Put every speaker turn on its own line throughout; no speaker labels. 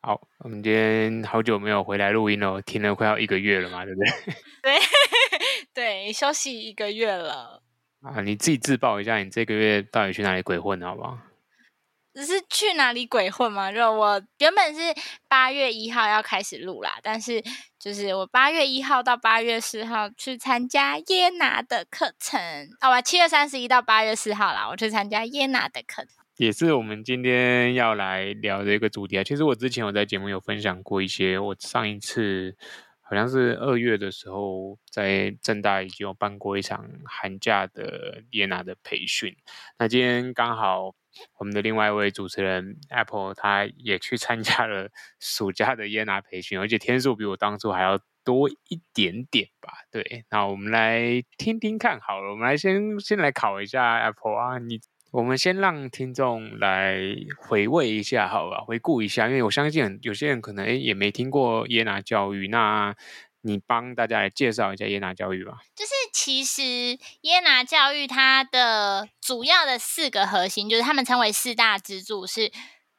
好，我們今天好久沒有回來錄音了，我聽了快要一個月了嘛，對不對？
對，對，休息一個月了。
啊，你自己自曝一下，你這個月到底去哪裡鬼混好不好？
只是去哪裡鬼混嘛，就我原本是八月一號要開始錄啦，但是就是我八月一號到八月四號去參加耶拿的課程，哦、啊，七月三十一到八月四號啦，我去參加耶拿的課程。
也是我們今天要來聊的一個主題啊。其實我之前我在節目有分享過一些，我上一次好像是二月的時候，在政大已經有辦過一場寒假的耶拿的培訓。那今天剛好我們的另外一位主持人 Apple 他也去參加了暑假的耶拿培訓，而且天數比我當初還要多一點點吧？對，那我們來聽聽看，好了，我們來先先來考一下 Apple 啊，你。我們先讓聽眾來回味一下，好吧，回顧一下，因為我相信有些人可能哎也沒聽過耶拿教育，那你幫大家來介紹一下耶拿教育吧。
就是其實耶拿教育它的主要的四個核心，就是他們稱為四大支柱是。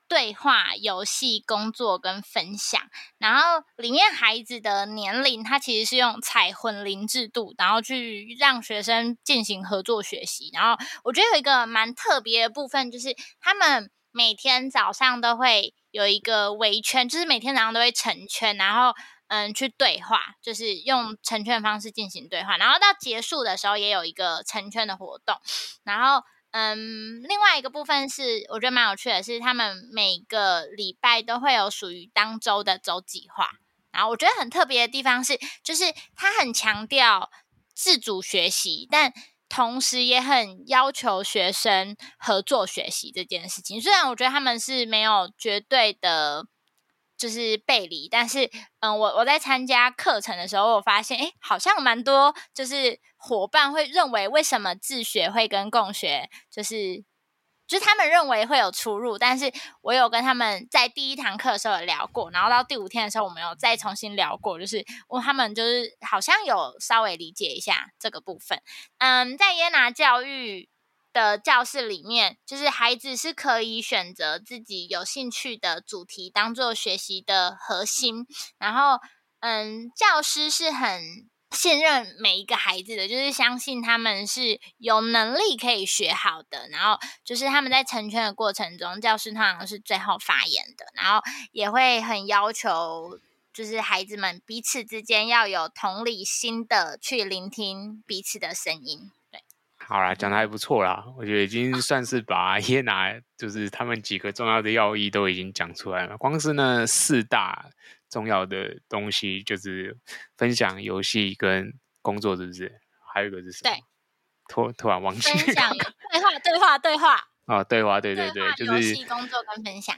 對話、遊戲、工作跟分享，然後裡面孩子的年齡，他其實是用彩虹混齡制度，然後去讓學生進行合作學習。然後我覺得有一個蠻特別的部分，就是他們每天早上都會有一個圍圈，就是每天早上都會成圈，然後嗯去對話，就是用成圈的方式進行對話。然後到結束的時候也有一個成圈的活動，然後。嗯，另外一個部分是我覺得蠻有趣的是，他們每個禮拜都會有屬於當周的周計劃。然後我覺得很特別的地方是，就是他很強調自主學習，但同時也很要求學生合作學習這件事情。雖然我覺得他們是沒有絕對的，就是背離，但是嗯，我我在參加課程的時候，我發現誒，好像蠻多就是。夥伴會認為，為什麼自學會跟共學就是，就是他們認為會有出入。但是我有跟他們在第一堂課的時候有聊過，然後到第五天的時候，我們有再重新聊過，就是問他們，就是好像有稍微理解一下這個部分。嗯，在耶拿教育的教室裡面，就是孩子是可以選擇自己有興趣的主題當做學習的核心，然後，嗯，教師是很信任每一個孩子的，就是相信他們是有能力可以學好的。然後就是他們在成全的過程中，教師通常是最後發言的，然後也會很要求，就是孩子們彼此之間要有同理心的去聆聽彼此的聲音。對，
好啦，講得還不錯啦，我覺得已經算是把耶拿、啊、就是他們幾個重要的要義都已經講出來了。光是那四大。重要的東西就是分享遊戲跟工作，是不是？還有一個是什麼？對，突突然忘記。分享、
對話、對話、對話
啊、哦！對話、對對對，就是遊戲、工作跟分享。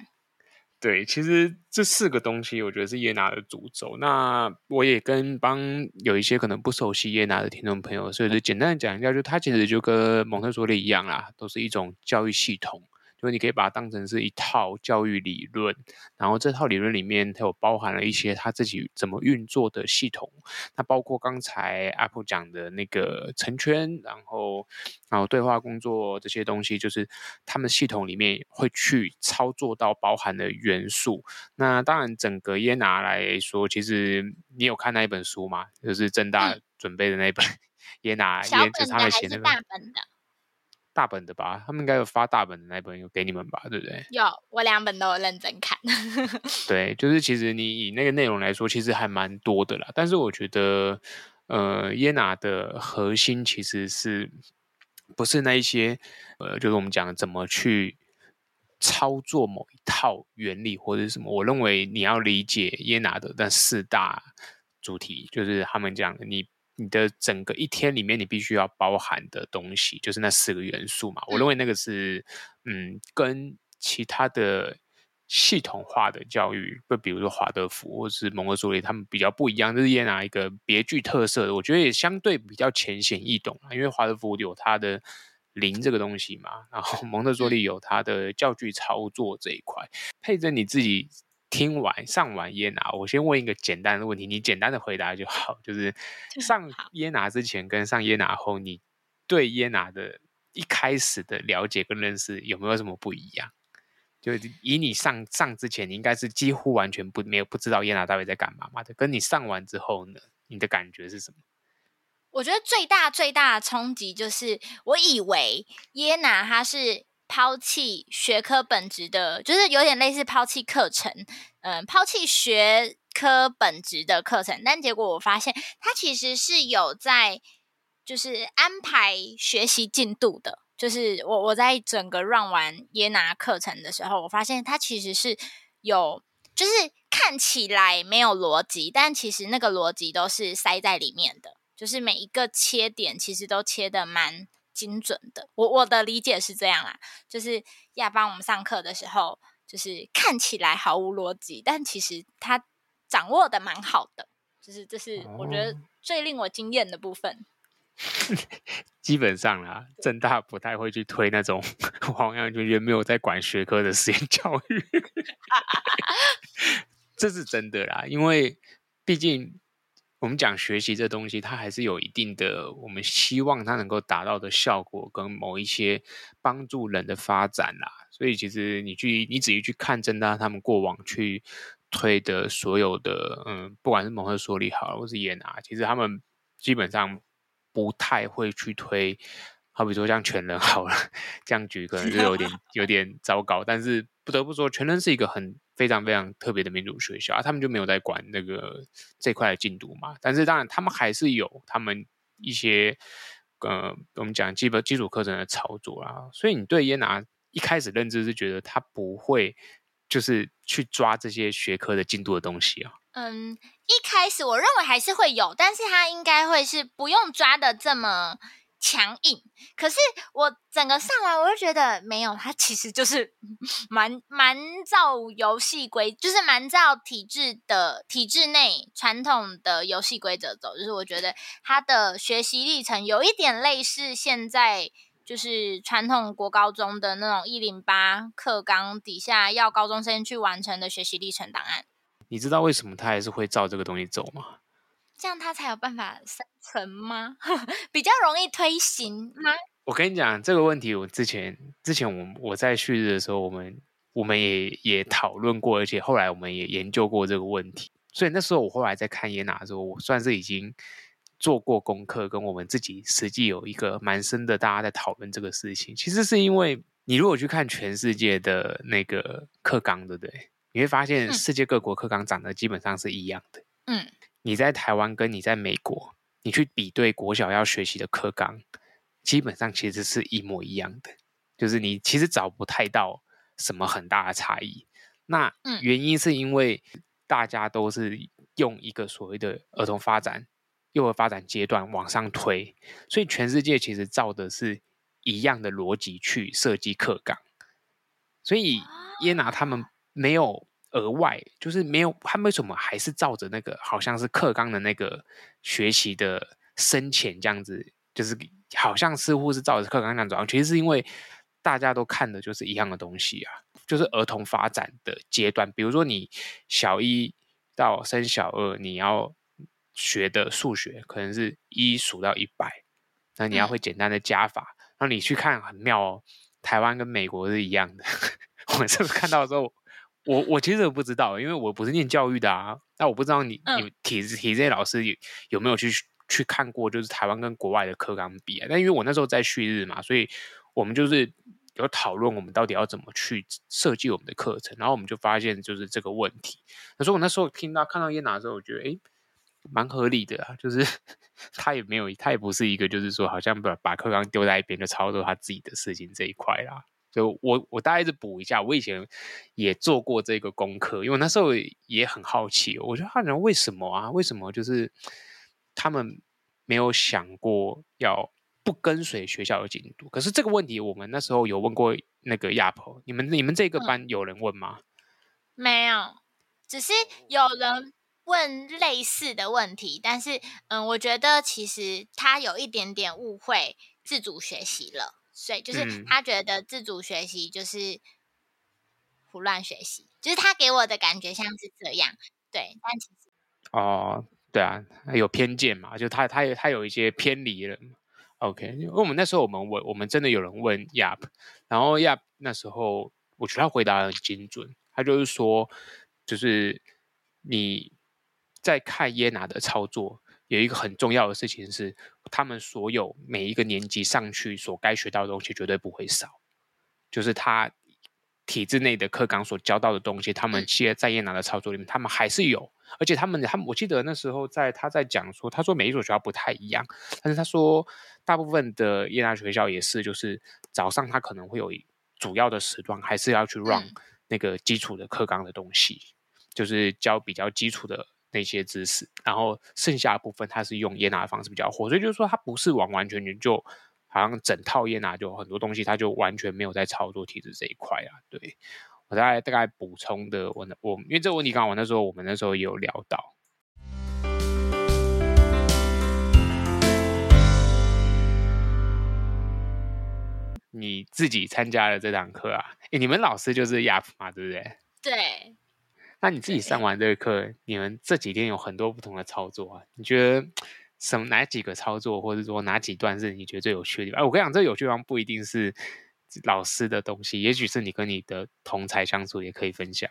對，其實這四個東西，我覺得是耶拿的主軸。那我也跟幫有一些可能不熟悉耶拿的聽眾朋友，所以就簡單講一下，就它其實就跟蒙特梭利一樣啦，都是一種教育系統。因為你可以把它當成是一套教育理論，然後這套理論裡面它有包含了一些他自己怎麼運作的系統，那包括剛才 Apple 講的那個成圈，然後然後對話工作這些東西，就是他們系統裡面會去操作到包含的元素。那當然，整個耶拿來說，其實你有看那一本書嗎？就是政大準備的那一本，嗯、耶拿耶，耶拿就是他們寫那本。小本的還是大本的？大本的吧，他們應該有發大本的，那一本有給你們吧，對不對？
有，我兩本都有認真看。
對，就是其實你以那個內容來說，其實還蠻多的啦。但是我覺得，呃，耶拿的核心其實是不是那一些，呃，就是我們講的怎麼去操作某一套原理或者是什麼？我認為你要理解耶拿的那四大主題，就是他們講的你。你的整個一天裡面，你必須要包含的東西就是那四個元素嘛。我認為那個是，嗯，跟其他的系統化的教育，就比如說華德福或是蒙特梭利，他們比較不一樣。耶拿一個別具特色的，我覺得也相對比較淺顯易懂啊。因為華德福有它的靈這個東西嘛，然後蒙特梭利有它的教具操作這一塊，配着你自己。聽完上完耶拿，我先問一個簡單的問題，你簡單的回答就好。就是上耶拿之前跟上耶拿後，你對耶拿的一開始的了解跟認識有沒有什麼不一樣？就以你上上之前，你應該是幾乎完全不沒有不知道耶拿到底在幹嘛嘛的。跟你上完之後呢，你的感覺是什麼？
我覺得最大最大的衝擊就是，我以為耶拿他是。拋棄學科本質的，就是有點類似拋棄課程，嗯、呃，拋棄學科本質的課程。但結果我發現，它其實是有在，就是安排學習進度的。就是我我在整個 run 完耶拿課程的時候，我發現它其實是有，就是看起來沒有邏輯，但其實那個邏輯都是塞在裡面的。就是每一個切點，其實都切得蠻。精準的，我我的理解是這樣啦，就是耶拿班我們上課的時候，就是看起來毫無邏輯，但其實他掌握的蠻好的，就是這是我覺得最令我驚艷的部分。
哦、 基本上啦，政大不太會去推那種好像就也沒有在管學科的實驗教育， 這是真的啦，因為畢竟。我們講學習這東西，它還是有一定的，我們希望它能夠達到的效果，跟某一些幫助人的發展啦。所以其實你去，你仔細去看，真的、啊、他們過往去推的所有的，嗯，不管是蒙特梭利好了，或是耶拿，其實他們基本上不太會去推。好比說像全人好了，這樣舉可能就有點 有點糟糕。但是不得不說，全人是一個很。非常非常特別的民主學校啊，他們就沒有在管那個這塊的進度嘛？但是當然，他們還是有他們一些呃，我們講基本基礎課程的操作啦、啊。所以你對耶拿一開始認知是覺得他不會就是去抓這些學科的進度的東西啊？嗯，
一開始我認為還是會有，但是他應該會是不用抓得這麼強硬，可是我整個上來我就覺得沒有，他其實就是蠻蠻照遊戲規，就是蠻照體制的體制內傳統的遊戲規則走。就是我覺得他的學習歷程有一點類似現在就是傳統國高中的那種一零八課綱底下要高中生去完成的學習歷程檔案。
你知道為什麼他還是會照這個東西走嗎？
這樣他才有辦法生存嗎？ 比較容易推行嗎？
我跟你講這個問題，我之前之前我我在旭日的時候，我們我們也也討論過，而且後來我們也研究過這個問題。所以那時候我後來在看耶拿的時候，我算是已經做過功課，跟我們自己實際有一個蠻深的。大家在討論這個事情，其實是因為你如果去看全世界的那個課綱，對不對？你會發現世界各國課綱長得基本上是一樣的。嗯。嗯你在台灣跟你在美國，你去比對國小要學習的課綱，基本上其實是一模一樣的，就是你其實找不太到什麼很大的差異。那原因是因為大家都是用一個所謂的兒童發展、幼兒發展階段往上推，所以全世界其實照的是一樣的邏輯去設計課綱，所以耶拿他們沒有。額外就是沒有，他為什麼還是照着那個好像是課綱的那個學習的深淺這樣子，就是好像似乎是照着課綱那樣走，其實是因為大家都看的就是一樣的東西啊，就是兒童發展的階段，比如說你小一到升小二，你要學的數學可能是一數到一百，那你要會簡單的加法，那、嗯、你去看很妙哦，台灣跟美國是一樣的，我這次看到的時候。 我我其實也不知道，因為我不是念教育的啊。那我不知道你、嗯、你體體制老師有沒有去去看過，就是台灣跟國外的課綱比啊。但因為我那時候在旭日嘛，所以我們就是有討論我們到底要怎麼去設計我們的課程。然後我們就發現就是這個問題。那所以我那時候聽到看到耶拿的時候，我覺得誒蠻合理的啊。就是他也沒有，他也不是一個就是說好像把把課綱丟在一邊就操作他自己的事情這一塊啦。就我我大概是補一下，我以前也做過這個功課，因為那時候也很好奇，我覺得他人為什麼啊？為什麼就是他們沒有想過要不跟隨學校的進度？可是這個問題，我們那時候有問過那個亞鵬，你們你們這個班有人問嗎？嗯，
沒有，只是有人問類似的問題，但是嗯，我覺得其實他有一點點誤會，自主學習了。所以就是他覺得自主學習就是胡亂學習，就是他給我的感覺像是這樣。對，但其實嗯嗯、
嗯嗯嗯、哦，對啊，他有偏見嘛？就他他他有一些偏離了。OK，因為我們那時候我們問我們真的有人問 Yap，然後 Yap 那時候我覺得他回答很精準，他就是說，就是你在看耶拿的操作。有一個很重要的事情是，他們所有每一個年級上去所該學到的東西絕對不會少，就是他體制內的課綱所教到的東西，他們其實在耶拿的操作裡面，他們還是有，而且他們，他們我記得那時候在他在講說，他說每一所學校不太一樣，但是他說大部分的耶拿學校也是，就是早上他可能會有主要的時段，還是要去 run 那個基礎的課綱的東西，嗯、就是教比較基礎的。那些知識，然後剩下的部分，他是用耶拿的方式比較火，所以就是說，他不是完完全全就好像整套耶拿，就很多東西，他就完全沒有在操作體制這一塊啊。對，我大概大概補充的，我我因為這個問題，剛好，我那時候，我們那時候也有聊到，你自己參加了這堂課啊？哎，你們老師就是亞普嘛，對不對？對。那你自己上完這個課，你們這幾天有很多不同的操作啊，你覺得什麼哪幾個操作，或者說哪幾段是你覺得最有趣的地方？誒，我跟你講，這有趣地方不一定是老師的東西，也許是你跟你的同儕相處也可以分享。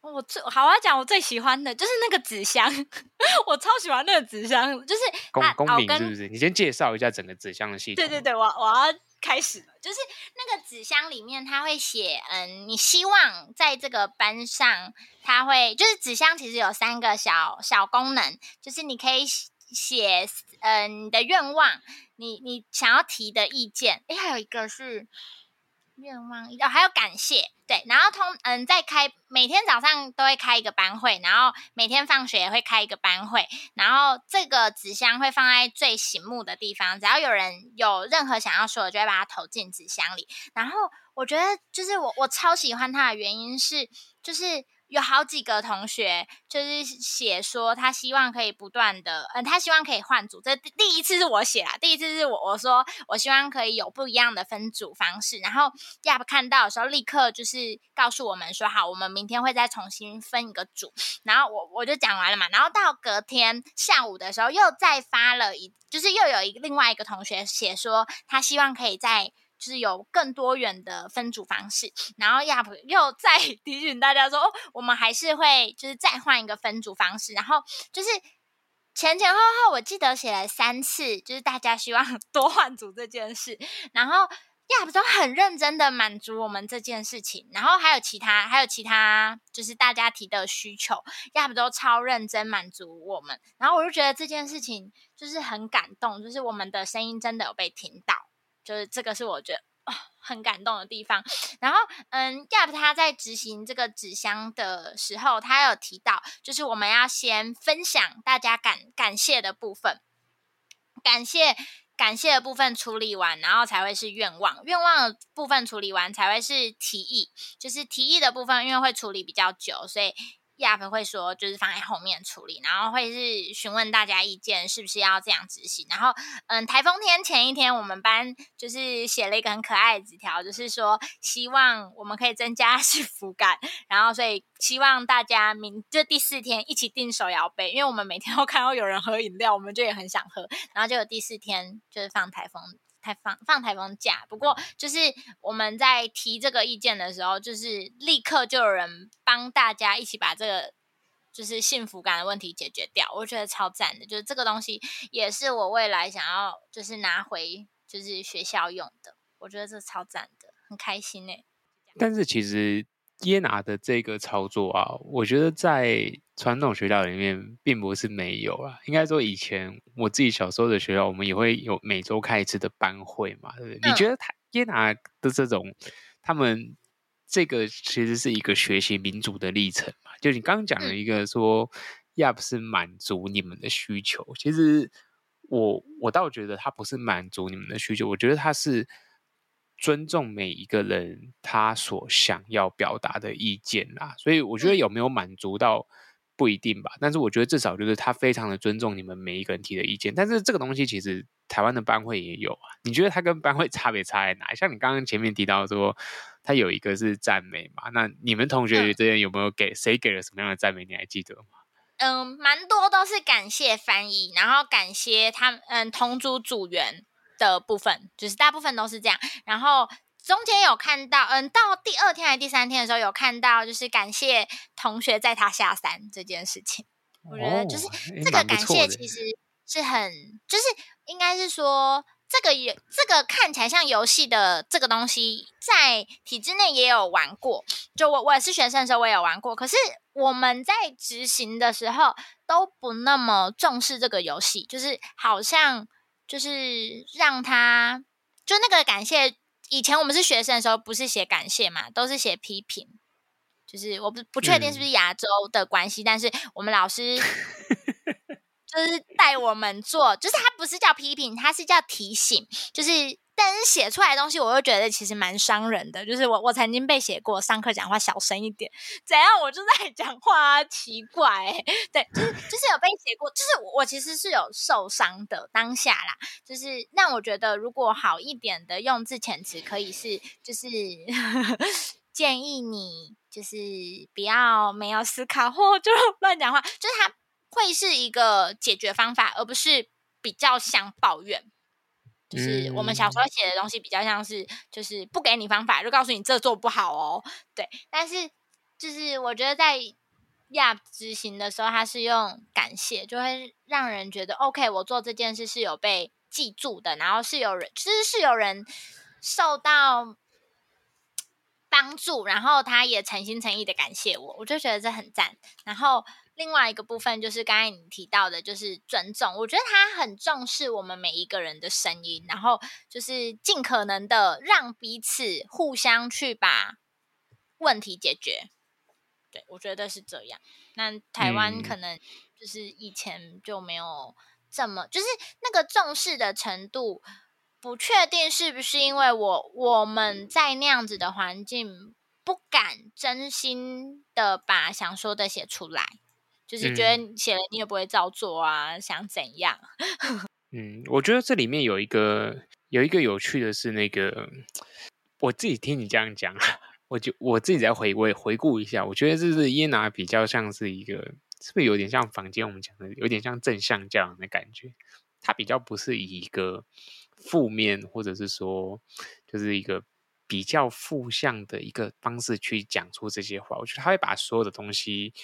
我最好我要講，我最喜歡的就是那個紙箱。 我超喜歡那個紙箱，就是公、啊、公平是不是、
啊？你先介紹一下整個紙箱的系統。
對對對，我我要、啊。開始了，就是那個紙箱裡面，它會寫，嗯，你希望在這個班上，它會就是紙箱其實有三個小小功能，就是你可以寫，嗯，你的願望，你你想要提的意見，誒、欸，還有一個是。願望，哦，還有感謝，對，然後通，嗯，在開，每天早上都會開一個班會，然後每天放學也會開一個班會，然後這個紙箱會放在最醒目的地方，只要有人有任何想要說的，就會把它投進紙箱裡。然後我覺得，就是我我超喜歡它的原因是，就是。有好幾個同學就是寫說，他希望可以不斷的，嗯，他希望可以換組。這第一次是我寫啦，第一次是我我說，我希望可以有不一樣的分組方式。然後亞伯、yep，看到的時候，立刻就是告訴我們說，好，我們明天會再重新分一個組。然後我我就講完了嘛。然後到隔天下午的時候，又再發了一，就是又有一個另外一個同學寫說，他希望可以在。就是有更多元的分組方式，然後亞普又再提醒大家說：“我們還是會就是再換一個分組方式。”然後就是前前後後我記得寫了三次，就是大家希望多換組這件事，然後亞普都很認真的滿足我們這件事情。然後還有其他還有其他就是大家提的需求，亞普都超認真滿足我們。然後我就覺得這件事情就是很感動，就是我們的聲音真的有被聽到。就是這個是我覺得、哦、很感動的地方。然後，嗯，耶拿、yeah, 他在執行這個紙箱的時候，他有提到，就是我們要先分享大家感感謝的部分，感謝感謝的部分處理完，然後才會是願望，願望的部分處理完才會是提議，就是提議的部分，因為會處理比較久，所以。亞芬會說，就是放在後面處理，然後會是詢問大家意見，是不是要這樣執行。然後，嗯，颱風天前一天，我們班就是寫了一個很可愛的紙條，就是說希望我們可以增加幸福感。然後，所以希望大家明就第四天一起訂手搖杯，因為我們每天都看到有人喝飲料，我們就也很想喝。然後，就有第四天就是放颱風。台放放颱風假，不過就是我們在提這個意見的時候，就是立刻就有人幫大家一起把這個就是幸福感的問題解決掉，我覺得超讚的。就是這個東西也是我未來想要就是拿回就是學校用的，我覺得這超讚的，很開心哎、欸。
但是其實耶拿的這個操作啊，我覺得在。傳統學校裡面並不是沒有啊，應該說以前我自己小時候的學校，我們也會有每周開一次的班會嘛，對不對？嗯、你覺得他耶拿的這種，他們這個其實是一個學習民主的歷程嘛？就你剛剛講了一個說，要、嗯、不、yep, 是滿足你們的需求，其實我我倒覺得他不是滿足你們的需求，我覺得他是尊重每一個人他所想要表達的意見啦，所以我覺得有沒有滿足到？不一定吧，但是我覺得至少就是他非常的尊重你們每一個人提的意見。但是這個東西其實台灣的班會也有啊。你覺得他跟班會差別差在哪？像你剛剛前面提到說，他有一個是讚美嘛？那你們同學之間有沒有給、嗯、誰給了什麼樣的讚美？你還記得嗎？
嗯，嗯，蠻多都是感謝翻譯，然後感謝他，嗯，同組組員的部分，就是大部分都是這樣，然後。中間有看到，嗯、呃，到第二天還是第三天的時候有看到，就是感謝同學載他下山這件事情，哦。
我覺得就是這個感謝其
實是很，欸，就是應該是說這個也，這個看起來像遊戲的這個東西，在體制內也有玩過。就我我也是學生的時候，我也有玩過。可是我們在執行的時候都不那麼重視這個遊戲，就是好像就是讓他就那個感謝。以前我們是學生的時候，不是寫感謝嘛，都是寫批評。就是我不不確定是不是亞洲的關係，嗯，但是我們老師就是帶我們做，就是他不是叫批評，他是叫提醒，就是。但是寫出來的東西，我又覺得其實蠻傷人的。就是我，我曾經被寫過上課講話小聲一點怎樣，我就在講話啊，奇怪、欸。對，就是就是有被寫過，就是我，我其實是有受傷的當下啦。就是那我覺得如果好一點的用字遣詞，可以是就是 建議你就是不要沒有思考或、哦、就亂講話，就是它會是一個解決方法，而不是比較想抱怨。就是我們小時候寫的東西比較像是，就是不給你方法，就告訴你這做不好哦。對，但是就是我覺得在耶拿執行的時候，他是用感謝，就會讓人覺得 OK，我做這件事是有被記住的，然後是有人，其實是有人受到幫助，然後他也誠心誠意的感謝我，我就覺得這很讚。然後。另外一個部分就是剛才你提到的，就是尊重。我覺得他很重視我們每一個人的聲音，然後就是盡可能的讓彼此互相去把問題解決。對，我覺得是這樣。那台灣可能就是以前就沒有這麼就是那個重視的程度，不確定是不是因為我我們在那樣子的環境不敢真心的把想說的寫出來。就是覺得寫了你也不會照做啊，嗯、想怎樣？
嗯，我覺得這裡面有一個有一個有趣的是，那個我自己聽你這樣講，我就我自己在回，我也回顧一下，我覺得這是耶拿比較像是一個，是不是有點像坊間我們講的，有點像正向這樣的感覺？他比較不是以一個負面或者是說就是一個比較負向的一個方式去講出這些話，我覺得他會把所有的東西。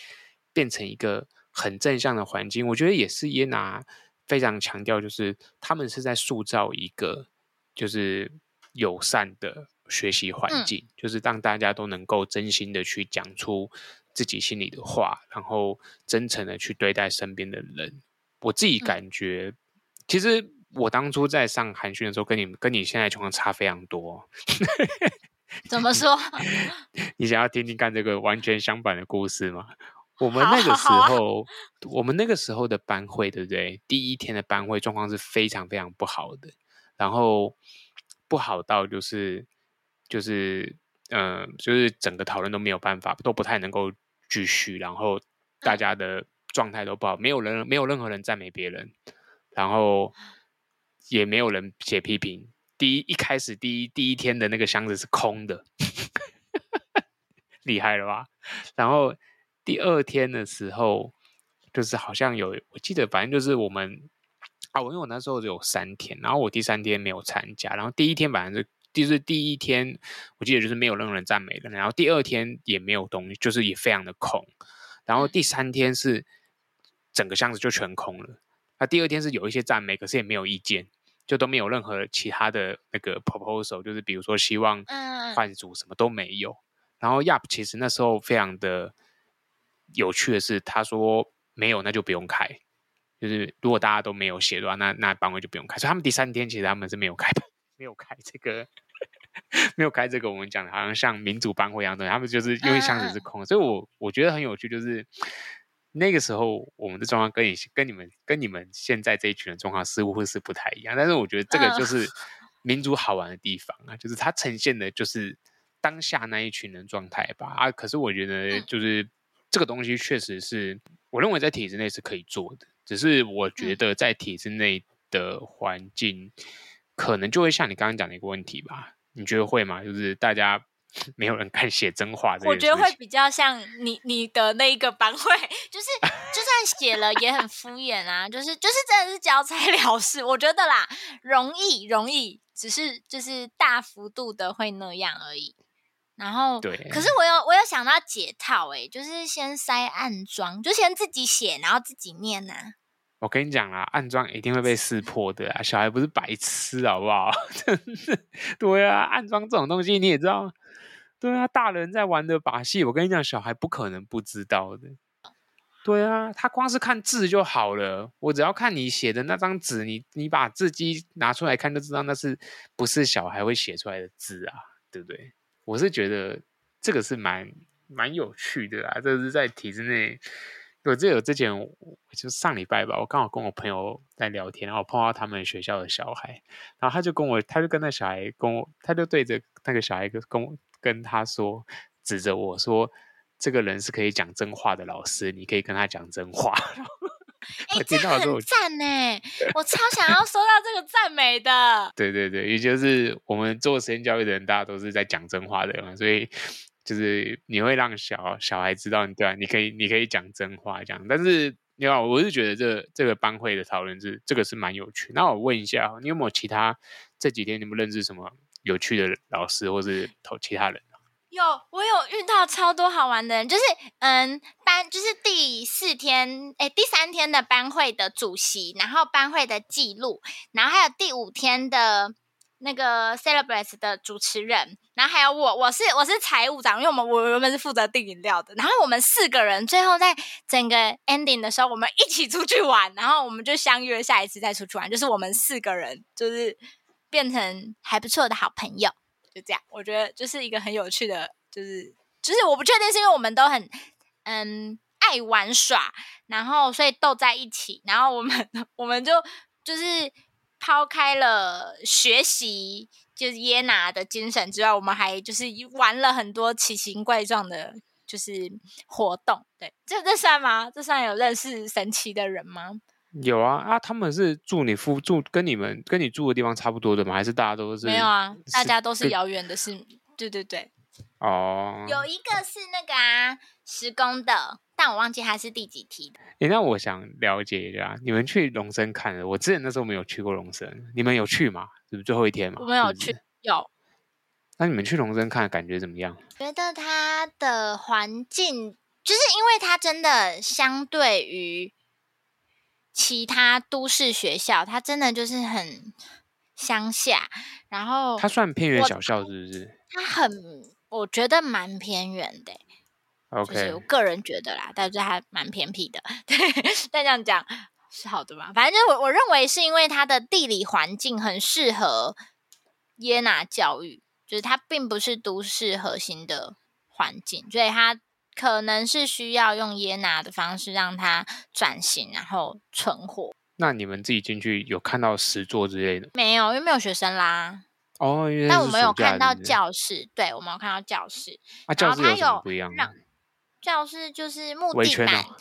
變成一個很正向的環境，我覺得也是耶拿非常強調，就是他們是在塑造一個就是友善的學習環境、嗯，就是讓大家都能夠真心的去講出自己心裡的話，然後真誠的去對待身邊的人。我自己感覺，嗯、其實我當初在上寒訓的時候，跟你跟你現在的情況差非常多。
怎麼說？
你想要聽聽看這個完全相反的故事嗎？我們那個時候好好好，我們那個時候的班會，對不對？第一天的班會狀況是非常非常不好的，然後不好到就是就是嗯、呃，就是整個討論都沒有辦法，都不太能夠繼續，然後大家的狀態都不好，沒有人沒有任何人讚美別人，然後也沒有人寫批評。第一一開始第一第一天的那個箱子是空的， 厲害了吧？然後，第二天的時候，就是好像有，我記得，反正就是我們啊，我因為我那時候只有三天，然後我第三天沒有參加，然後第一天反正就是第一天，我記得就是沒有任何人讚美了，然後第二天也沒有東西，就是也非常的空，然後第三天是整個箱子就全空了。那第二天是有一些讚美，可是也沒有意見，就都沒有任何其他的那個 proposal，就是比如說希望換組什麼都沒有。然後 Yup 其實那時候非常的。有趣的是，他說沒有，那就不用開。就是如果大家都沒有寫的話，那那班會就不用開。所以他們第三天其實他們是沒有開的，沒有開這個， 沒有開這個。我們講的，好像像民主班會一樣的東西，他們就是因為箱子是空的。嗯嗯。所以我我覺得很有趣，就是那個時候我們的狀況跟你，跟你、跟你們、跟你們現在這一群人狀況似乎是不太一樣。但是我覺得這個就是民主好玩的地方啊、嗯，就是它呈現的就是當下那一群人狀態吧。啊，可是我覺得就是。嗯這個東西確實是，我認為在體制內是可以做的，只是我覺得在體制內的環境、嗯、可能就會像你剛剛講的一個問題吧？你覺得會嗎？就是大家沒有人敢寫真話，我覺得會
比較像你你的那一個班會，就是就算寫了也很敷衍啊， 就是就是真的是交差了事。我覺得啦，容易容易，只是就是大幅度的會那樣而已。然後，對，可是我有我有想到解套哎，就是先塞暗裝，就先自己寫，然後自己念吶、啊。
我跟你講啦、啊，暗裝一定會被識破的啊！小孩不是白痴好不好？ 對啊，暗裝這種東西你也知道，對啊，大人在玩的把戲，我跟你講，小孩不可能不知道的。對啊，他光是看字就好了，我只要看你寫的那張紙，你你把字跡拿出來看，就知道那是不是小孩會寫出來的字啊？對不對？我是覺得這個是蠻蠻有趣的啦、啊，這是在體制內。我只有之前我就上禮拜吧，我剛好跟我朋友在聊天，然後我碰到他們學校的小孩，然後他就跟我，他就跟那小孩跟我，他就對着那個小孩跟，跟我跟他說，指着我說，這個人是可以講真話的老師，你可以跟他講真話。 哎、欸欸，這很
讚呢！ 我超想要收到這個讚美的。
對對對，也就是我們做實驗教育的人，大家都是在講真話的嘛，所以就是你會讓小小孩知道你，你對啊，你可以你可以講真話這樣。但是你好，我是覺得這個、這個班會的討論是這個是蠻有趣，那我問一下，你有沒有其他這幾天你們認識什麼有趣的老師，或是投其他人？
有，我有遇到超多好玩的人，就是嗯，班就是第四天，誒，第三天的班會的主席，然後班會的記錄，然後還有第五天的那個 celebrate 的主持人，然後還有我我是我是財務長，因為我們我原本是負責訂飲料的，然後我們四個人最後在整個 ending 的時候，我們一起出去玩，然後我們就相約下一次再出去玩，就是我們四個人就是變成還不錯的好朋友。就這樣，我覺得就是一個很有趣的，就是就是我不確定，是因為我們都很嗯愛玩耍，然後所以鬥在一起，然後我們我們就就是拋開了學習，就是耶拿的精神之外，我們還就是玩了很多奇形怪狀的，就是活動。對，這這算嗎？這算有認識神奇的人嗎？
有啊啊，他們是住你住住跟你們跟你住的地方差不多的嗎？還是大家都是沒有啊，大家都是遙
遠的是， 對對對，
哦，有
一個是那個啊，時工的，但我忘記他是第幾梯的。
哎、欸，那我想了解一下，你們去龍昇看了，我之前那時候沒有去過龍昇，你們有去嗎？是不是最後一天嗎？
我們有去、嗯，有。
那你們去龍昇看感覺怎麼樣？
覺得它的環境，就是因為它真的相對於。其他都市學校，它真的就是很鄉下，然後它算偏遠小校
是不是？
它很，我覺得蠻偏遠的欸。
OK，是我
個人覺得啦，但是還蠻偏僻的。對，但這樣講是好的吧？反正我我認為是因為它的地理環境很適合耶拿教育，就是它並不是都市核心的環境，所以它。可能是需要用耶拿的方式讓它轉型，然後存活。
那你們自己進去有看到實作之類的？
沒有，因為沒有學生啦。
哦。那我們有看到教
室，對我們有看到教室。
啊，他有啊
教室有什麼不一樣。教室就是木地板。哦、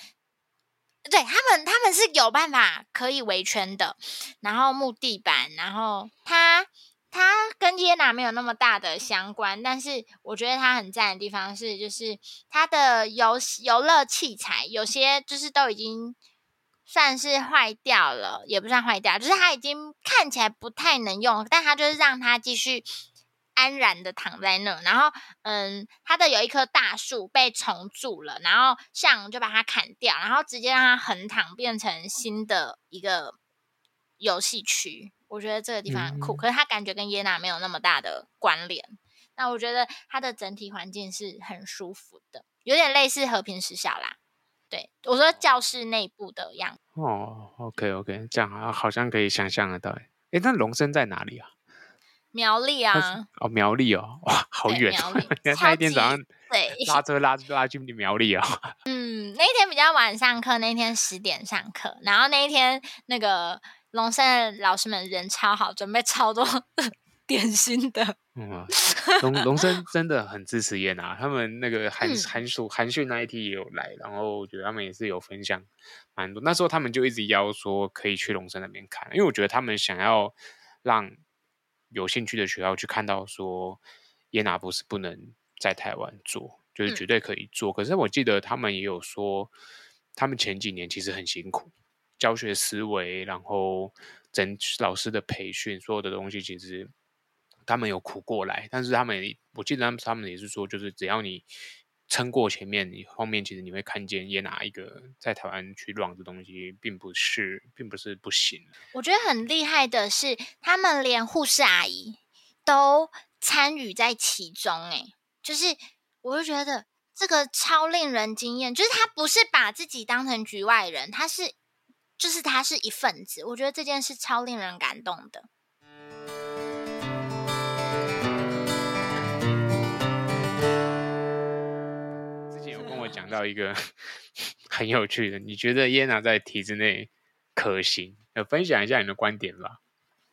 對他們，他們是有辦法可以圍圈的。然後木地板，然後他。它跟耶拿沒有那麼大的相關，但是我覺得它很讚的地方是，就是它的遊戲遊樂器材有些就是都已經算是壞掉了，也不算壞掉，就是它已經看起來不太能用，但它就是讓它繼續安然的躺在那。然後，嗯，它的有一棵大樹被蟲蛀了，然後像就把它砍掉，然後直接讓它橫躺，變成新的一個遊戲區。我覺得這個地方很酷，嗯、可是它感覺跟耶拿沒有那麼大的關聯。嗯、那我覺得它的整體環境是很舒服的，有點類似和平實小啦。對，我說教室內部的樣子。
哦，OK OK，這樣好像可以想象得到。哎，那龍昇在哪裡啊？
苗栗啊。
哦，苗栗哦，哇，好遠！苗 那一天早上拉拉，
對。拉着
拉着拉去苗栗啊，哦。嗯，
那一天比較晚上課，那一天十點上課，然後那一天那個。龍山老師們人超好，準備超多點心的。
嗯、啊，龍龍昇真的很支持耶拿， 他們那個寒寒暑寒訓那一天也有來，然後我覺得他們也是有分享蠻多。那時候他們就一直邀說可以去龍昇那邊看，因為我覺得他們想要讓有興趣的學校去看到說耶拿不是不能在台灣做，就是絕對可以做、嗯。可是我記得他們也有說，他們前幾年其實很辛苦。教學思維，然後整老師的培訓，所有的東西，其實他們有苦過來，但是他們，我記得他們，他們也是說，就是只要你撐過前面，你後面其實你會看見，也哪一個在台灣去 run 的東西，並不是，並不是不行。
我覺得很厲害的是，他們連護士阿姨都參與在其中、欸，哎，就是我就覺得這個超令人驚豔，就是他不是把自己當成局外人，他是。就是他是一份子，我覺得這件事超令人感動的。
之前有跟我講到一個很有趣的，你覺得耶拿在體制內可行？我分享一下你的觀點吧。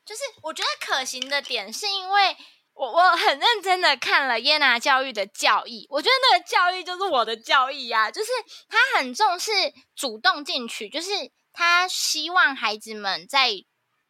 就是我覺得可行的點，是因為我我很認真的看了耶拿教育的教義，我覺得那個教義就是我的教義啊，就是他很重視主動進取，就是。他希望孩子們在，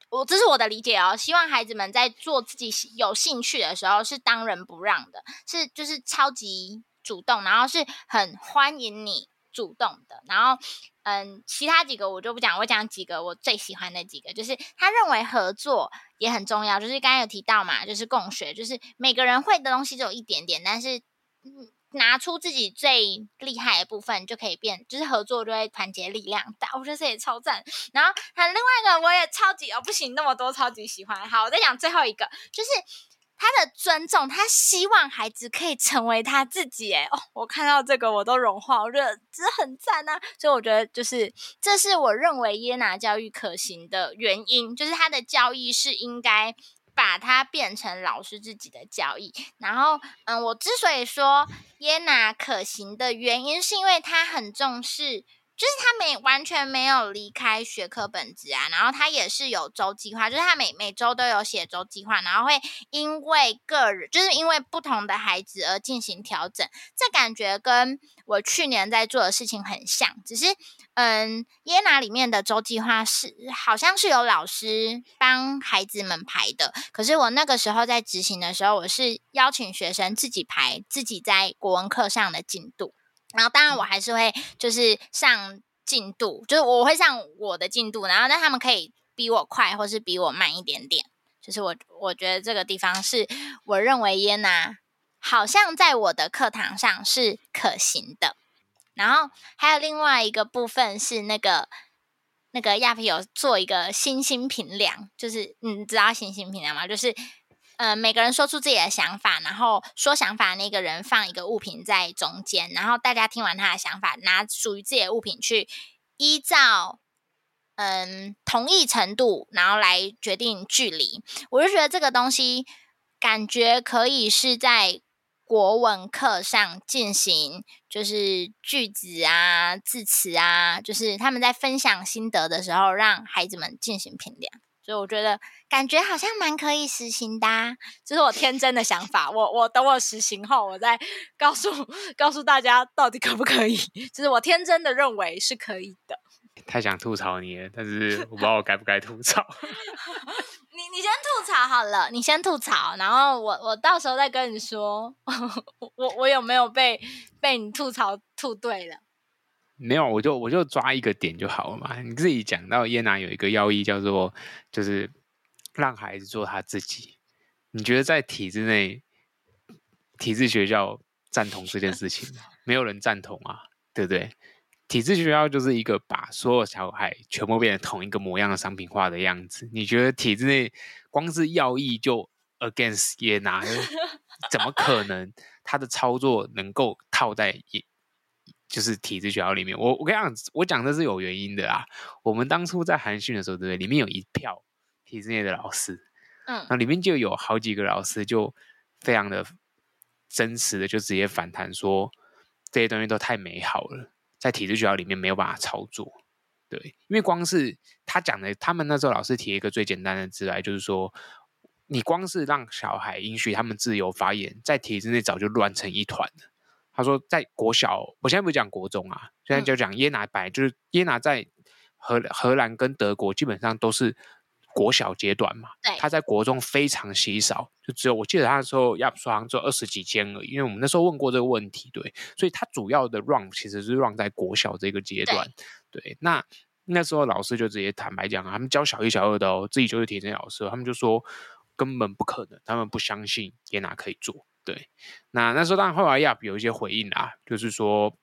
我這是我的理解哦，希望孩子們在做自己有興趣的時候是當仁不讓的，是就是超級主動，然後是很歡迎你主動的，然後嗯，其他幾個我就不講，我講幾個我最喜歡的幾個，就是他認為合作也很重要，就是剛剛有提到嘛，就是共學，就是每個人會的東西只有一點點，但是嗯。拿出自己最厲害的部分，就可以變，就是合作就會團結力量。但我覺得這也超讚。然後，還有另外一個，我也超級哦，不行那麼多，超級喜歡。好，我再講最後一個，就是他的尊重，他希望孩子可以成為他自己。誒哦，我看到這個我都融化，我覺得這很讚啊！所以我覺得，就是這是我認為耶拿教育可行的原因，就是他的教育是應該。把它變成老師自己的教義，然後，嗯，我之所以說耶拿可行的原因，是因為他很重視，就是他沒完全沒有離開學科本質啊，然後他也是有周計劃，就是他每每周都有寫周計劃，然後會因為個人，就是因為不同的孩子而進行調整，這感覺跟我去年在做的事情很像，只是。嗯，耶拿裡面的周計劃是好像是有老師幫孩子們排的，可是我那個時候在執行的時候，我是邀請學生自己排自己在國文課上的進度，然後當然我還是會就是上進度，就是我會上我的進度，然後讓他們可以比我快或是比我慢一點點，就是我我覺得這個地方是我認為耶拿好像在我的課堂上是可行的。然後還有另外一個部分是那個那個亞皮有做一個星星評量，就是你知道星星評量嗎？就是呃，每個人說出自己的想法，然後說想法的那個人放一個物品在中間，然後大家聽完他的想法，拿屬於自己的物品去依照嗯、呃、同意程度，然後來決定距離。我就覺得這個東西感覺可以是在。國文課上進行，就是句子啊、字詞啊，就是他們在分享心得的時候，讓孩子們進行評量。所以我覺得，感覺好像蠻可以實行的啊。這就是我天真的想法。我我等我實行後，我再告訴告訴大家到底可不可以。就是我天真的認為是可以的。
太想吐槽你了，但是我不知道我該不該吐槽。
你你先吐槽好了，你先吐槽，然後我我到時候再跟你說，我我有沒有被被你吐槽吐對了？
沒有，我就我就抓一個點就好了嘛。你自己講到耶拿有一個要義叫做，就是讓孩子做他自己。你覺得在體制內，體制學校贊同這件事情嗎？ 沒有人贊同啊，對不對？體制學校就是一個把所有小孩全部變成同一個模樣的商品化的樣子。你覺得體制內光是要義就 against 耶拿，怎麼可能他的操作能夠套在，就是體制學校裡面我，我我跟你講，我講的是有原因的啊。我們當初在寒訓的時候，對不對？裡面有一票體制內的老師，嗯，那裡面就有好幾個老師就非常的真實的就直接反彈說，這些東西都太美好了。在體制學校裡面沒有辦法操作，對，因為光是他講的，他們那時候老師提一個最簡單的字來，就是說，你光是讓小孩允許他們自由發言，在體制內早就亂成一團了。他說，在國小，我現在不講國中啊，現在就講耶拿白，嗯、就是耶拿在荷荷蘭跟德國基本上都是，國小階段嘛對，他在國中非常稀少，就只有我記得他的時候，亞普說好像只有二十幾間而已。因為我們那時候問過這個問題，對，所以他主要的 run 其實是 run 在國小這個階段，對。對那那時候老師就直接坦白講，他們教小一、小二的哦，自己就是體制老師，他們就說根本不可能，他們不相信耶拿可以做，對。那那時候當然後來亞比有一些回應啊，就是說，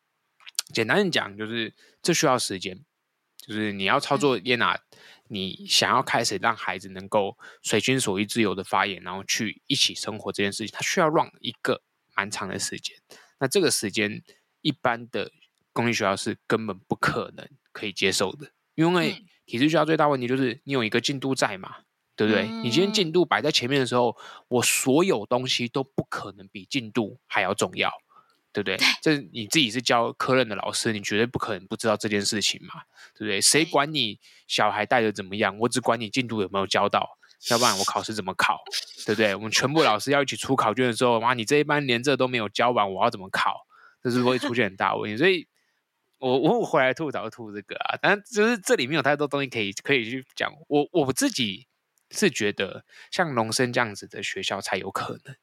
簡單的講，就是這需要時間。就是你要操作耶拿，嗯，你想要開始讓孩子能夠隨心所欲、自由的發言，然後去一起生活這件事情，它需要 run 一個蠻長的時間。那這個時間，一般的公立學校是根本不可能可以接受的，因為體制學校最大問題就是你有一個進度在嘛，對不對？嗯、你今天進度擺在前面的時候，我所有東西都不可能比進度還要重要。對不對？這你自己是教科任的老師，你絕對不可能不知道這件事情嘛，對不對？對，誰管你小孩帶的怎麼樣？我只管你進度有沒有教到，要不然我考試怎麼考？對不對？ 我們全部老師要一起出考卷的時候，哇，你這一班連這都沒有教完，我要怎麼考？這是不是會出現很大問題。所以我，我我回來吐槽吐這個啊，但就是這裡面有太多東西可以可以去講。我我自己是覺得，像龍昇這樣子的學校才有可能。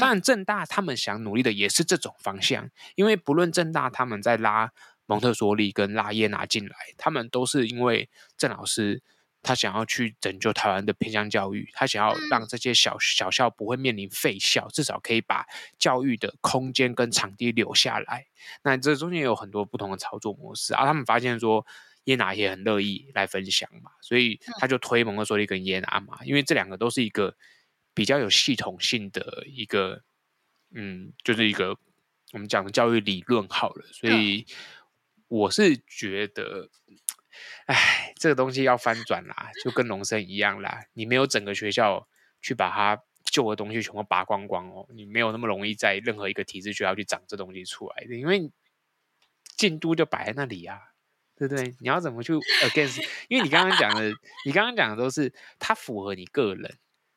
當然，政大他們想努力的也是這種方向，因為不論政大他們在拉蒙特梭利跟拉耶拿進來，他們都是因為鄭老師他想要去拯救台灣的偏鄉教育，他想要讓這些小小校不會面臨廢校，至少可以把教育的空間跟場地留下來。那這中間有很多不同的操作模式啊，他們發現說耶拿也很樂意來分享嘛，所以他就推蒙特梭利跟耶拿嘛，因為這兩個都是一個。比較有系統性的一個，嗯，就是一個我們講的教育理論好了，所以我是覺得，哎，這個東西要翻轉啦，就跟龍昇一樣啦，你沒有整個學校去把它舊的東西全部拔光光哦，你沒有那麼容易在任何一個體制學校去長這東西出來的，因為進度就擺在那裡啊，對不對？你要怎麼去 against？因為你剛剛講的，你剛剛講的都是它符合你個人。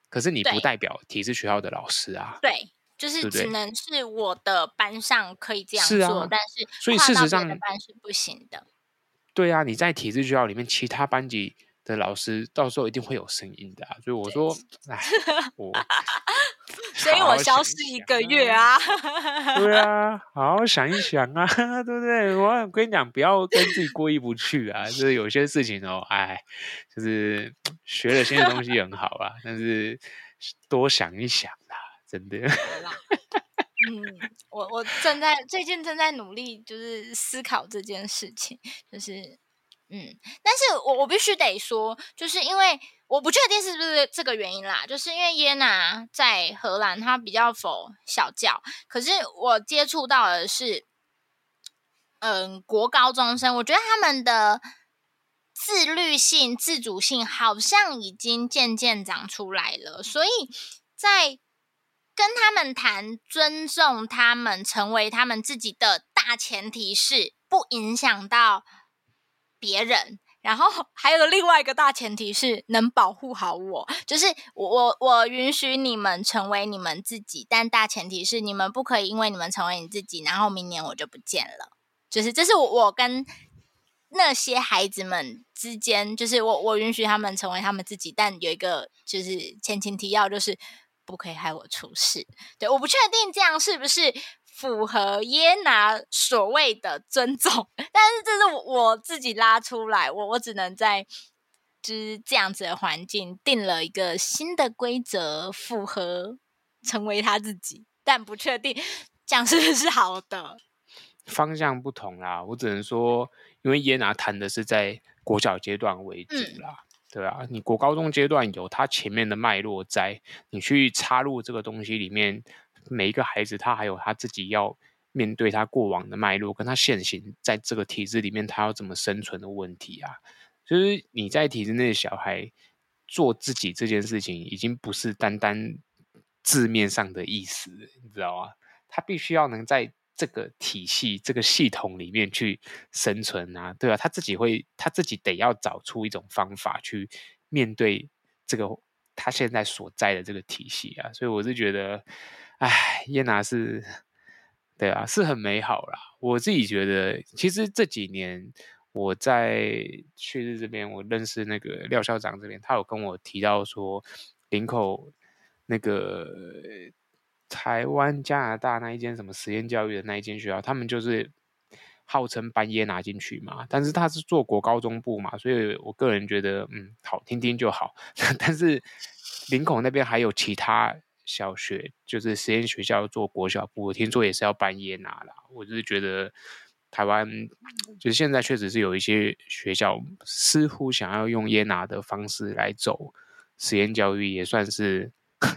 可是你不代表體制學校的老師啊，對，對
對，就是只能是我的班上可以這樣做，是啊、但是，的是的，所以事實上的班是不行的，
對啊，你在體制學校裡面，其他班級的老師到時候一定會有聲音的啊，所以我說，哎。我。
所以我消失一個月啊，好
好想一想啊，對啊，好好想一想啊，對不對？我很跟你講，不要跟自己過意不去啊。就是有些事情哦，哎，就是學了新的東西很好啊， 但是多想一想啦，啊，真的。嗯，
我我正在最近正在努力，就是思考這件事情，就是嗯，但是我我必須得說，就是因為。我不確定是不是這個原因啦，就是因為耶拿在荷蘭，他比較否小教。可是我接觸到的是，嗯，國高中生，我覺得他們的自律性、自主性好像已經漸漸長出來了。所以在跟他們談尊重，他們成為他們自己的大前提是，不影響到別人。然後還有另外一個大前提是能保護好我，就是我我，我允許你們成為你們自己，但大前提是你們不可以因為你們成為你自己，然後明年我就不見了。就是這是我，我跟那些孩子們之間，就是我我允許他們成為他們自己，但有一個就是前情提要，就是不可以害我出事。對，我不確定這樣是不是。符合耶拿所謂的尊重，但是這是我自己拉出來，我我只能在就是這樣子的環境定了一個新的規則，符合成為他自己，但不確定這樣是不是好的
方向不同啦。我只能說，因為耶拿談的是在國小階段為主啦，嗯，對啊，你國高中階段有他前面的脈絡在，你去插入這個東西裡面。每一個孩子，他還有他自己要面對他過往的脈絡，跟他現行在這個體制裡面，他要怎麼生存的問題啊？就是你在體制內的小孩做自己這件事情，已經不是單單字面上的意思，你知道嗎？他必須要能在這個體系、這個系統裡面去生存啊，對啊，他自己會，他自己得要找出一種方法去面對這個他現在所在的這個體系啊，所以我是覺得。唉，耶拿是，對啊，是很美好啦。我自己覺得，其實這幾年我在去日這邊，我認識那個廖校長這邊，他有跟我提到說，林口那個台灣加拿大那一間什麼實驗教育的那一間學校，他們就是號稱搬耶拿進去嘛。但是他是做國高中部嘛，所以我個人覺得，嗯，好，聽聽就好。 但是林口那邊還有其他。小學就是實驗學校做國小部，我聽說也是要辦耶拿啦，我就是覺得台灣就是現在確實是有一些學校似乎想要用耶拿的方式來走實驗教育，也算是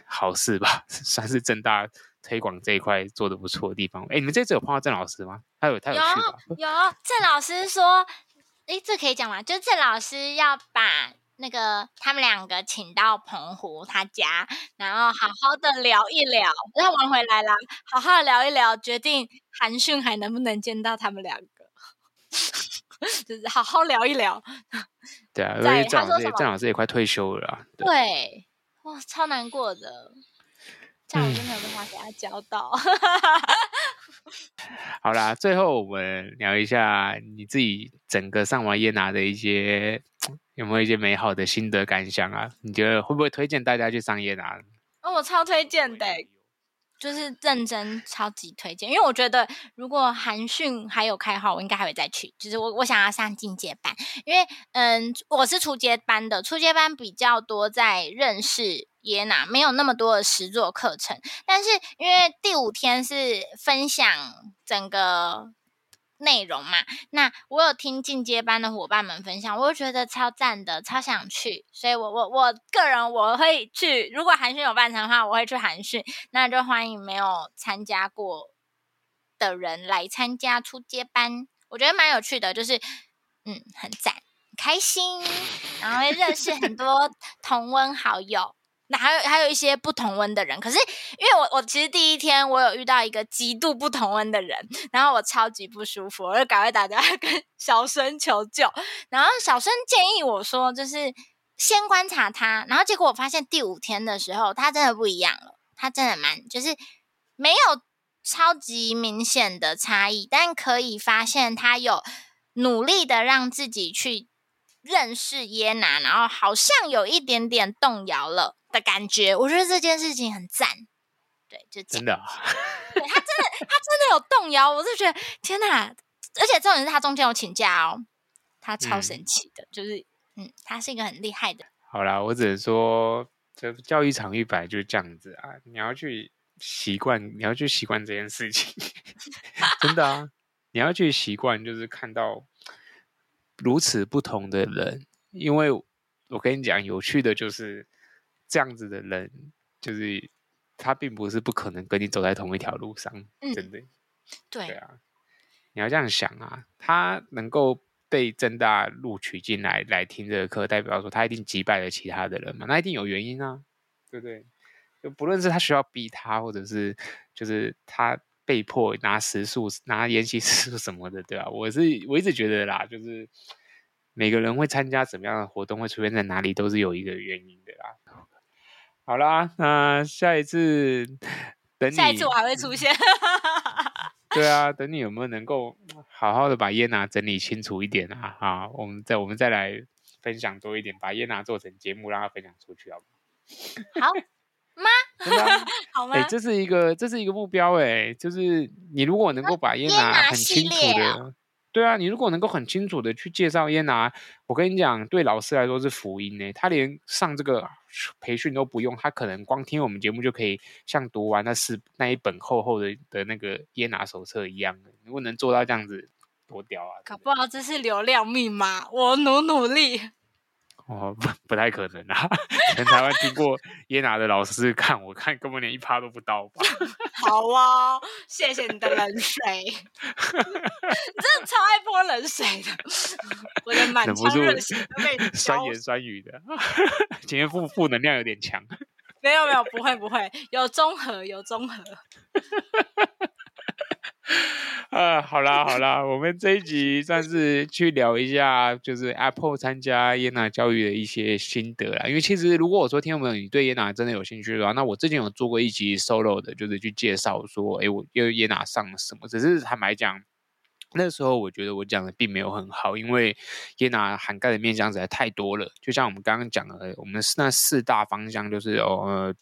好事吧，算是政大推廣這一塊做得不錯的地方。哎，你們這次有碰到鄭老師嗎？他有他有有，
有鄭老師說，哎，這可以講嗎？就是鄭老師要把。那個他們兩個請到澎湖他家，然後好好的聊一聊。他們回來了，好好聊一聊，決定韓訊還能不能見到他們兩個， 就是好好聊一聊。
對啊，因為張老師，張老師也快退休了
對，對，哇，超難過的，這樣我就沒有辦法跟他教到哈。嗯
好啦，最後我們聊一下你自己整個上完耶拿的一些有沒有一些美好的心得感想啊？你覺得會不會推薦大家去上耶拿？
哦，我超推薦的。就是認真，超級推薦，因為我覺得如果寒訓還有開的話，我應該還會再去。就是我我想要上進階班，因為嗯，我是初階班的，初階班比較多在認識耶拿，沒有那麼多的實作課程。但是因為第五天是分享整個。內容嘛，那我有聽進階班的夥伴們分享，我覺得超讚的，超想去，所以我我我個人我會去。如果韓訓有辦成的話，我會去韓訓。那就歡迎沒有參加過的人來參加出階班，我覺得蠻有趣的，就是嗯，很讚，很開心，然後會認識很多同溫好友。那還有還有一些不同溫的人，可是因為我我其實第一天我有遇到一個極度不同溫的人，然後我超級不舒服，我就趕快打電話跟小孫求救。然後小孫建議我說，就是先觀察他。然後結果我發現第五天的時候，他真的不一樣了，他真的蠻就是沒有超級明顯的差異，但可以發現他有努力的讓自己去認識耶拿，然後好像有一點點動搖了。的感覺，我覺得這件事情很贊，對，就
真的，啊 對，
他真的，他真的有動搖，我就覺得天哪！而且重點是他中間有請假哦，他超神奇的，嗯、就是嗯，他是一個很厲害的。
好啦，我只能說，這教育場域本來就是這樣子啊，你要去習慣，你要去習慣這件事情， 真的啊，你要去習慣，就是看到如此不同的人，因為我跟你講，有趣的就是。這樣子的人，就是他並不是不可能跟你走在同一條路上，嗯、真的對。對啊，你要這樣想啊，他能夠被政大錄取進來來聽這個課，代表說他一定擊敗了其他的人嘛。那一定有原因啊，對不對，對？就不論是他學校逼他，或者是就是他被迫拿時數、拿延期時數什麼的，對吧、啊？我是我一直覺得啦，就是每個人會參加怎麼樣的活動，會出現在哪裡，都是有一個原因的啦。好啦，那下一次等你下一次我還會出現、嗯，對啊，等你有沒有能夠好好的把耶拿整理清楚一點啊？好，我們再我們再來分享多一點，把耶拿做成節目，讓她分享出去好好，好嗎？ 真的 好嗎？好、欸、嗎？這是一個這是一個目標哎、欸，就是你如果能夠把耶拿很清楚的。啊對啊，你如果能夠很清楚的去介紹耶拿，我跟你講，對老師來說是福音呢。他連上這個培訓都不用，他可能光聽我們節目就可以像讀完那是那一本厚厚的的那個耶拿手冊一樣。如果能做到這樣子，多屌啊！搞不好這
是流量密碼，我努努力。
哦，不不太可能啦、啊！全台灣聽過耶拿的老師看 我，看根本連一趴都不到吧？
好啊、哦，謝謝你的冷水， 你真的超愛潑冷水的，我的滿腔熱血都被我酸言
酸語的， 今天負負能量有點強。
沒有沒有，不會不會，有綜合有綜合。
啊、 呃，好啦好啦， 我們這一集算是去聊一下，就是 Apple 參加耶拿教育的一些心得啦。因為其實如果我說聽眾朋友你對耶拿真的有興趣的話，那我之前有做過一集 Solo 的，就是去介紹說，哎、欸，我又耶拿上了什麼。只是坦白講，那時候我覺得我講的並沒有很好，因為耶拿涵蓋的面向實在太多了。就像我們剛剛講的，我們那四大方向就是哦、呃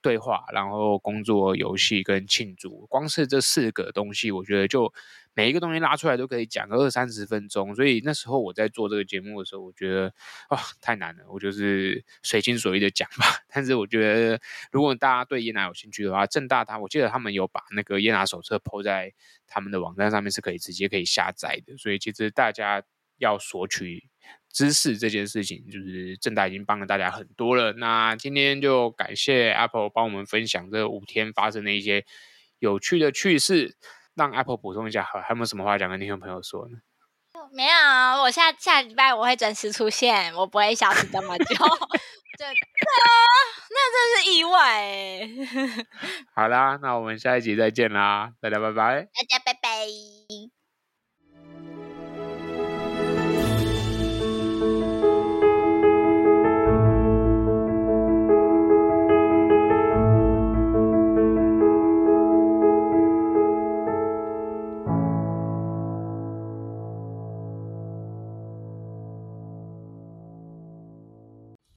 對話，然後工作、遊戲跟慶祝，光是這四個東西，我覺得就每一個東西拉出來都可以講個二三十分鐘。所以那時候我在做這個節目的時候，我覺得哦太難了，我就是隨心所欲的講吧。但是我覺得如果大家對耶拿有興趣的話，政大他我記得他們有把那個耶拿手冊 po 在他們的網站上面，是可以直接可以下載的。所以其實大家要索取。知識這件事情，就是政大已經幫了大家很多了。那今天就感謝 Apple 幫我們分享這五天發生的一些有趣的趣事，讓 Apple 補充一下，好，還有沒有什麼話講，跟聽眾朋友說呢？
沒有，我下下禮拜我會準時出現，我不會消失這麼久。對、 呃，那真是意外。
好啦，那我們下一集再見啦，大家拜拜，大家拜拜。